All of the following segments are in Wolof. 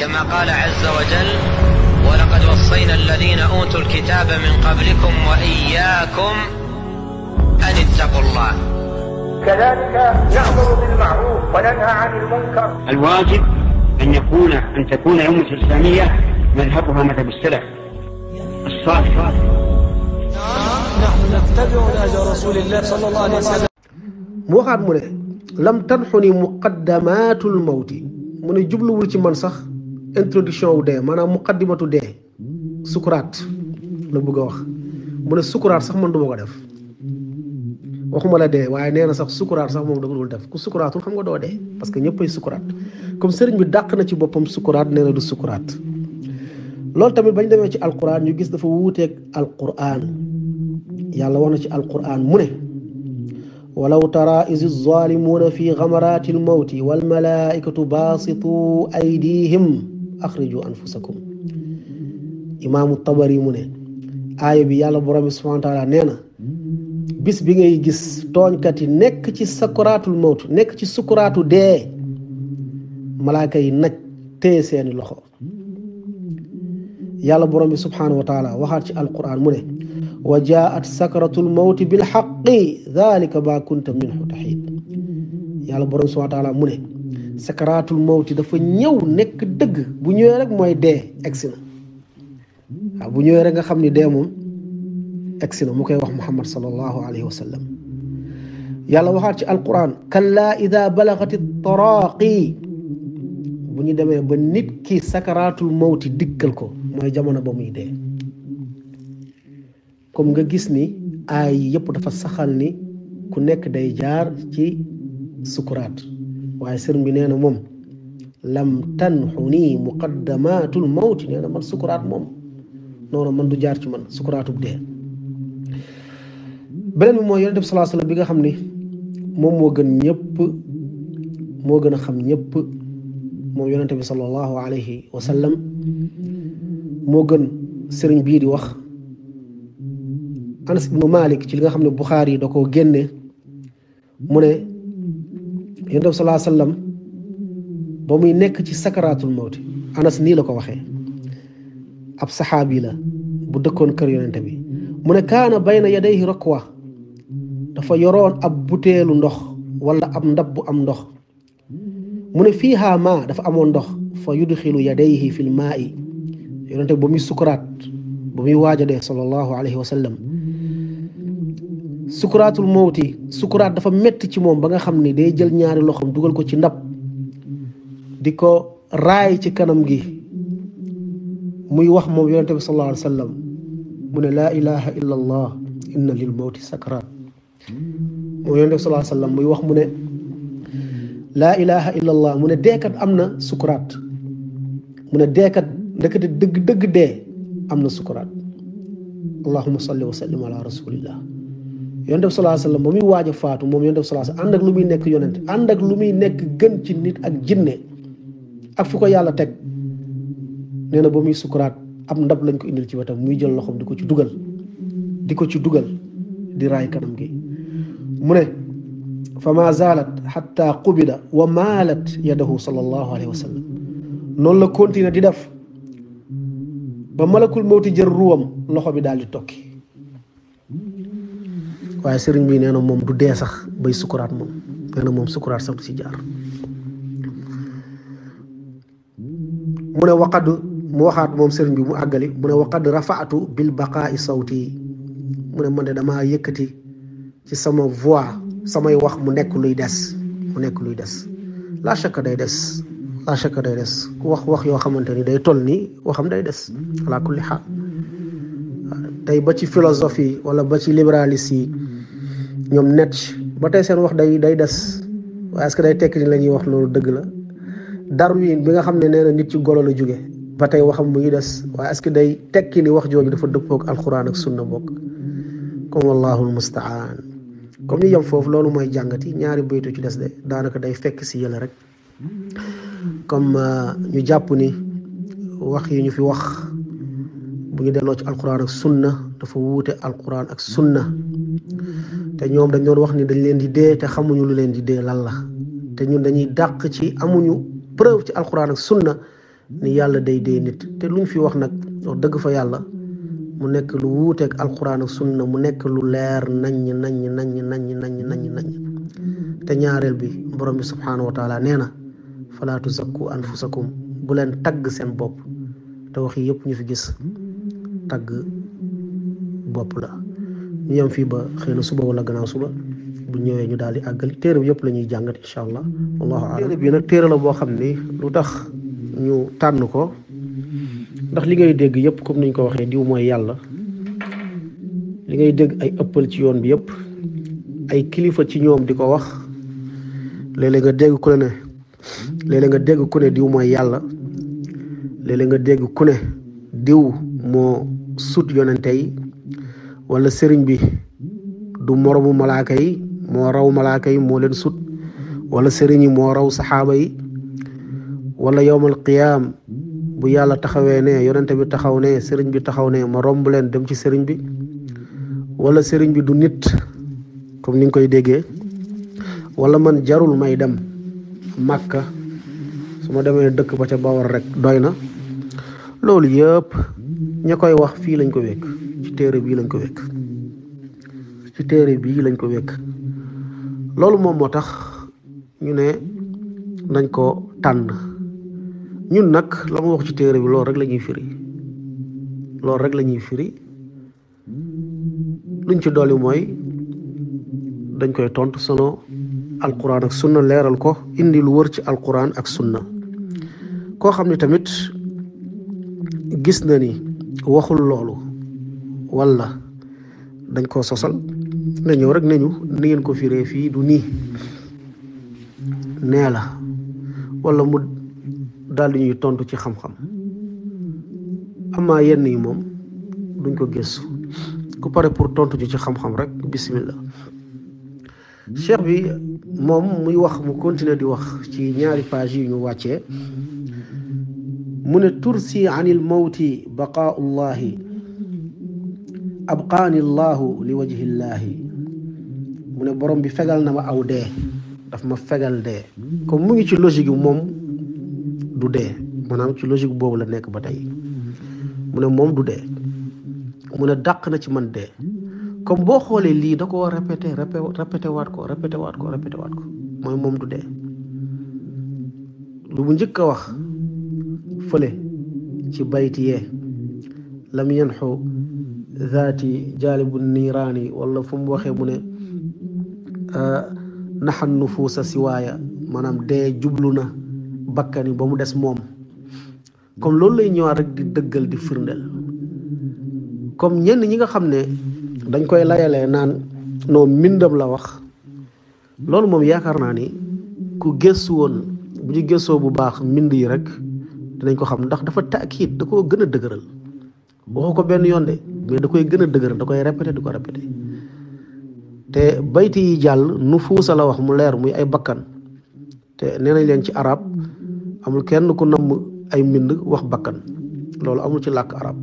كما قال عز وجل ولقد وصينا الذين أوتوا الكتاب من قبلكم وإياكم أن اتقوا الله كذلك نأمر بالمعروف وننهى عن المنكر الواجب أن يكون أن تكون أمة الإسلامية مذهبها مذهب السلف الصالح نحن نتبع الأجر رسول الله صلى الله عليه وسلم waxaat mu ne lam tanxuni muqaddamaatul mawti mu ne jubluwul ci man sax introduction wu dee maanaam muqaddimatu de sukuraat la bëgg a wax mu ne sax man du ma ko def waxuma la dee waaye nee na sax sukuraat sax moom dafa dul def ku sukuraatul xam nga doo dee parce que ñëppay sukuraat comme sëriñ bi dàq na ci boppam sukuraat nee na du sukuraat loolu tamit bañ demee ci alquran ñu gis dafa wuuteeg alquran yàlla wax na ci alquran mu ne walaw tara izi zalimuuna fi gamaraati almawti walmalaikatu baasitu aydihim axriju anfusakum imaamu tabari mu ne aaya bi yàlla borom bi subhanahu wa taala nee na bis bi ngay gis tooñkat yi nekk ci sakuraatul mawt nekk ci sukuraatu dee malaaka yi naj téye seeni loxo yàlla borom bi subhanahu wa taala waxaat ci alquran mu ne wa jaat sakratul mawti bilxaqi dalika ma kunta minhu taxiid yàlla borom bi subhanahu wa taala mu ne sakaraatul mawti dafa ñëw nekk dëgg bu ñëwee rek mooy dee egsi na waaw bu ñëwee rek nga xam ni dee moom egsi na mu koy wax muhammad sallallahu alayhi wa yàlla waxaat ci alquran kala ida balagati taraaqi bu ñu demee ba nit ki sakaraatul mawti dikkal ko mooy jamono ba muy dee comme nga gis ni aay yëpp dafa saxal ni ku nekk day jaar ci sukuraat waaye sëriñ bi nee na moom lam tanxu nii muqaddamatul mawti nee na man sukuraat moom noonu man du jaar ci man sukuraatub dee beneen bi mooy yonent bi bi nga xam ni moom moo gën ñëpp moo gën a xam ñëpp moom yonent bi salallahu alayhi wa moo gën sëriñ bii di wax anas ibnu malik ci li nga xam ne buxaari yi da koo génne yonent bi salaa sallam ba muy ci sakaraatul mawti anas nii la ko ab saxaabi la bu dëkkoon kër yonent bi mu ne kaana bayna yadayhi rakwa dafa yoroon ab buteelu ndox wala ab ndab bu am ndox mu ne fiihaa maa dafa amoon ndox fa yudxilu yadayhi fil maa'i yonent bi ba muy sukuraat sallallahu alayhi wa sukuraatul mawti sukuraat dafa metti ci moom ba nga xam ni day jël ñaari loxoom dugal ko ci ndab di ko raay ci kanam gi muy wax moom yonente bi sallallahu mu ne laa ilaha illa allah inna lil mawti sakaraat moom wax mu ne laa ilaha illa mu ne deekat am na sukuraat mu ne deekat ndekete dëgg dëgg dee am na sukuraat allahuma salli wa sallim ala rasulillah yonent bi salaa sallam ba muy waaja faatu moom yonent bi salaa sallam ànd ak lu muy nekk yonent ànd ak lu muy nekk gën ci nit ak jinne ak fu ko yàlla teg nee na ba muy sukkuraat ab ndab lañ ko indil ci wetam muy jël loxoom di ko ci dugal di ko ci dugal di raay kanam mu ne fa ma zaalat xatta qubida wa maalat yadahu sallallahu wa sallam noonu la continuer di def ba malakul mawti jël ruwam loxo bi daal di tokki waaye sëriñ bi nee na moom du dee sax bay sukuraat moom nee na moom sukuraat sax du si jaar mu ne waqad mu waxaat moom sëriñ bi mu àggali mu ne waqad rafaatu bil baqaai sawti mu ne man de damaa yëkkati ci sama voix samay wax mu nekk luy des mu nekk luy des la chaque day des la chaque day des ku wax wax yoo xamante ni day toll nii waxam day des ala kulli xaal tey ba ci philosophie yi wala ba ci libéralisme yi ñoom nett ba tey seen wax day day des waaye est que day tekki ni la ñuy wax loolu dëgg la Darwin bi nga xam ne nee na nit ci golo la jóge ba tey waxam mu ngi des waaye est que day tekki ni wax jooju dafa dëppoog alxuraan ak sunna bokk comme wallahu almustaan comme ñu yem foofu loolu mooy jàngati ñaari baytu ci des de daanaka day fekk si yële rek comme euh, ñu jàpp ni wax yi ñu fi wax bu ñu delloo ci alquran ak sunna dafa wuute alquran ak sunna te ñoom dañ wax ni dañ leen di dee te xamuñu lu leen di dee lan la te dañuy dàq ci amuñu preuve ci alquran ak sunna yàlla day dee nit te luñ fi wax nag wax fa yàlla mu nekk lu wuuteeg alquran ak mu nekk lu leer naññ nañ naññ naññ naññ naññ naññ te ñaareel bi borom bi subhaanahu wa taala nee na fala tuzakku anfusakum bu leen tagg seen bopp te wax yi ñu fi gis tagg bopp la ñu yem fii ba xëy na suba wala gannaaw suba bu ñëwee ñu daal di àggali téere bi yëpp la ñuy jàngat incha allah allahu alam téere bi nag téere la boo xam ni lu tax ñu tànn ko ndax li ngay dégg yëpp comme niñ ko waxee diw mooy yàlla li ngay dégg ay ëppal ci yoon bi kilifa ci ñoom di ko wax léeg-léeg nga dégg ku ne léeg yàlla dégg ku ne diw moo sut yonente yi wala sëriñ bi du moromu malaaka yi moo raw malaaka yi moo leen sut wala sëriñ yi moo raw saxaaba yi wala yowmal qiyaam bu yàlla taxawee ne yonente bi taxaw ne sëriñ bi taxaw ne ma romb leen dem ci sëriñ bi wala sëriñ bi du nit comme ni koy déggee wala man jarul may dem màkka su ma demee dëkk ba ca bawar rek doy na loolu yëpp ña koy wax fii lañ ko wekk ci téere bii lañ ko wekk téere bii lañ ko wekk loolu moom moo tax ñu ne dañ ko tànn ñun nag la mu wax ci téere bi loolu rek lañuy ñuy firi loolu rek la ñuy firi luñ ci dolli mooy dañ koy tontu solo alquran ak sunna leeral ko indi lu wër ci alquran ak sunna koo xam ne tamit gis na ni waxul loolu wala dañ koo sosal na ñëw rek nañu ni ngeen ko fiiree fii du nii nee la walla mu daal di ñuy tontu ci xam-xam amaa yenn yi moom duñ ko gëstu ku pare pour tontu ñu ci xam-xam rek bismillah cheikh bi moom muy wax mu continuer di wax ci ñaari page yi ñu wàccee mu ne tursi anil mawti baqaau llahi abqaani llahu li wajhi llahi mu ne borom bi fegal na ma aw daf ma fegal dee comme mu ngi ci logique bi moom du dee ci logique boobu la nekk ba tey mu ne moom du dee mu na ci man de comme boo xoolee lii da koo répété répété waat ko répété waat ko répété waat ko mooy moom du dee lu mu njëkk a wax fële ci bayti yee lam zaati jaalibu niiraani wala fu mu waxee bu ne ah, naxan nufuusa siwaaya maanaam dee jublu na bakkan yi ba mu des moom comme loolu lay ñëwaat rek di dëggal di firndeel comme ñenn ñi nga xam ne dañ koy layalee naan noo mbindam la wax loolu moom yaakaar naa ni ku gëstu woon bu ñu gëstoo bu baax mbind yi rek dinañ ko xam ndax dafa taakid da koo gën a dëgëral boo ko benn yoon de mais da koy gën a dëgëral da koy répété di ko répété te bayti yi jàll nu fuusa la wax mu leer muy ay bakkan te nee nañ leen ci arab amul kenn ku namm ay mbind wax bakkan loolu amul ci làkk arab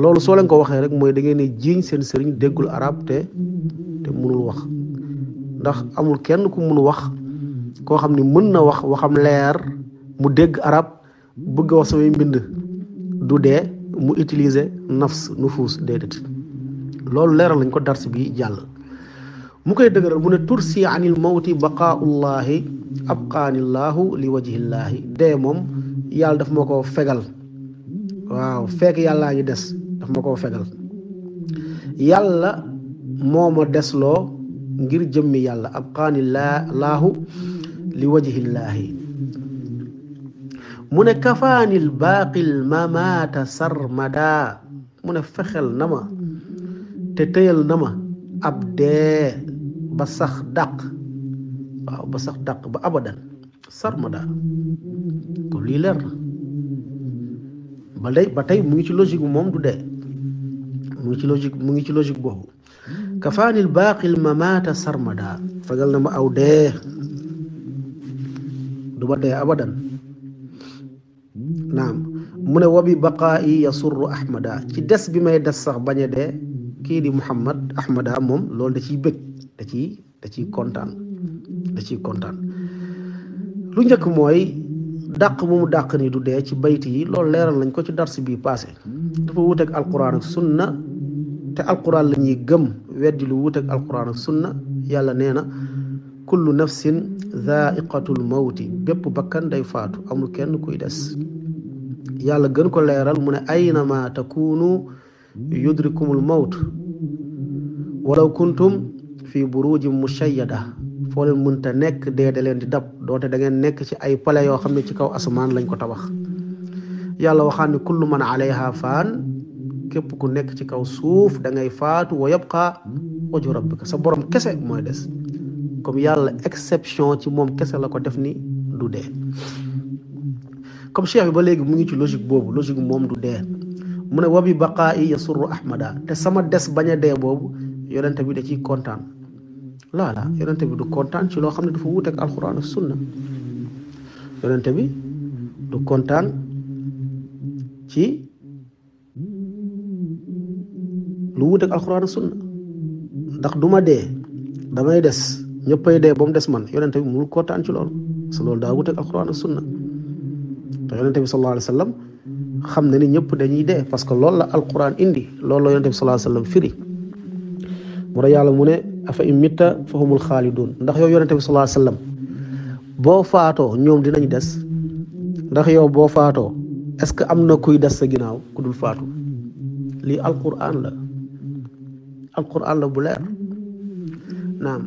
loolu soo leen ko waxee rek mooy da ngeen di seen sëriñ déggul arab te mënul wax ndax amul kenn ku mun wax koo xam ni mën na wax waxam leer mu dégg arab bëgg wax samay mbind du dee mu utilise nafs nufuus déedéet loolu leeral lañ ko dars bi jàll mu koy dëgëral mu ne tursi anil mawti baqaullaahi abqaanillaahu li wajhillaahi dee moom yàlla daf ma ko fegal waaw fekk yàllaa ngi des daf ma ko fegal yàlla moo des loo ngir jëmmi yàlla ab abqaanillaahu li wajhillaahi mu ne kafaanil baaqil mamaata sarmada mu ne fexel na ma te tëyal na ma ab dee ba sax dàq ba sax dàq ba abadan sarmada kon lii leer ba tey mu ngi ci logique bu moom du dee mu ngi ci logique mu ngi ci logique boobu kafaanil baaqil mamaata sarmada fegal na ma aw dee du ba dee abadan naam mm-hmm. mu ne wabi baqaa'i yasurru ahmada ci des bi may des sax bañ a dee kii di muhammad ahmada moom lool da ciy bëgg da ciy da ciy kontaan da ciy kontaan lu njëkk mooy dàq bu mu dàq ni du dee ci bayt yi loolu leeral nañ ko ci dars bii passé dafa wuteeg alquran ak sunna te alquran la ñuy gëm weddi lu wuteeg alquran ak sunna yàlla nee na kullu nafsin zaiqatul mawti bépp bakkan day faatu amul kenn kuy des yàlla gën ko leeral mu ne aynama takunu yudrikumul mawt walaw kuntum fi burujin mushayyada foo leen mënta nekk dee da leen di dab doonte da ngeen nekk ci ay pale yoo xam ne ci kaw asamaan lañ ko tabax yàlla waxaan ne kullu man alayha faan képp ku nekk ci kaw suuf da ngay faatu wa yabqa waju rabbika sa borom kese mooy des comme yàlla exception ci moom kese la ko def ni du dee comme cheikh bi ba léegi mu ngi ci logique bobu logique mom du dee mu ne wabi baqa'i yasurru ahmada te sama des baña a bobu yonent bi da kontan. la la yonent bi du kontaan ci lo xamne ne dafa wut ak alcorane sunna yonent bi du kontaan ci lu wut ak alcorane sunna ndax duma ma damay des ñeppay dee bam dess man yonent bi mu kontaan ci lool parce lool da wut ak alcorane sunna te yonente bi sallallahu alayhi wa sallam xam na ni ñëpp dañuy de parce que loolu la alquran indi loolu la yonente bi sallallahu alayhi wa sallam mu ne yàlla mu ne afa in mitta fa humul xaalidun ndax yow yonente bi sallallahu alayhi boo faatoo ñoom dinañ des ndax yow boo faatoo est-ce que am na kuy des sa ginnaaw ku dul faatu lii alquran la alquran la bu leer